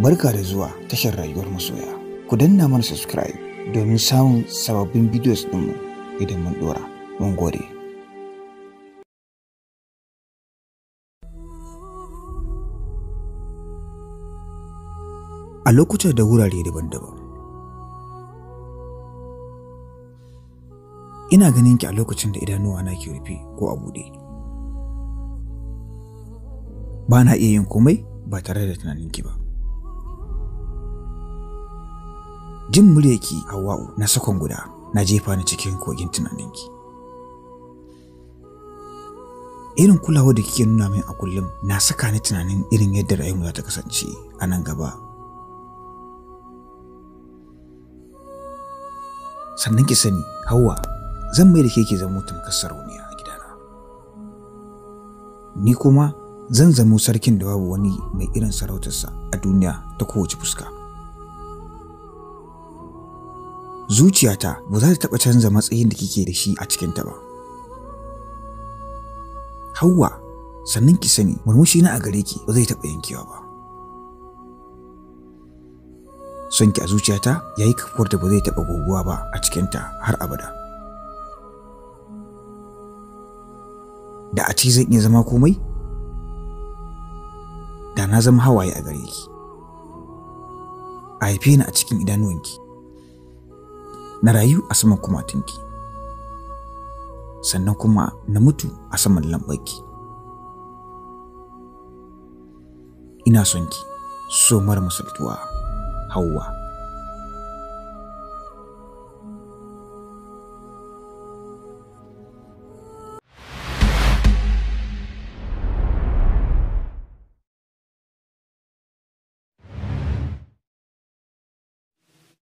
Barka da zuwa tashar rayuwar masoya. Ku danna mana subscribe domin samun sababbin videos ɗinmu idan mun ɗora. Mun gode. A lokuta da wurare daban-daban. Ina ganin ki a lokacin da idanuwa na ke rufe ko a buɗe. Ba na iya yin komai ba tare da tunanin ki ba. jin muryarki Hawwa'u na sakon guda na jefa ni cikin kogin tunaninki irin kulawa da kike nuna min a kullum na saka ni tunanin irin yadda rayuwa ta kasance a nan gaba sannan ki sani Hawwa zan mai da ke ke zama tamkar sarauniya a gidana ni kuma zan zamo sarkin da babu wani mai irin sarautarsa a duniya ta kowace fuska zuciyata ba za ta taɓa canza matsayin da kike da shi a cikinta ba. Hauwa, sannan ki sani murmushi na a gare ki ba zai taɓa yankewa ba. Son ki a zuciyata ya yi kafuwar da ba zai taɓa goguwa ba a cikinta har abada. Da a ci zan iya zama komai? Da na zama hawaye a gare ki. A haife ni a cikin idanuwanki. na rayu a saman kumatunki sannan kuma na mutu a saman lambaki ina son ki so mara masaltuwa hauwa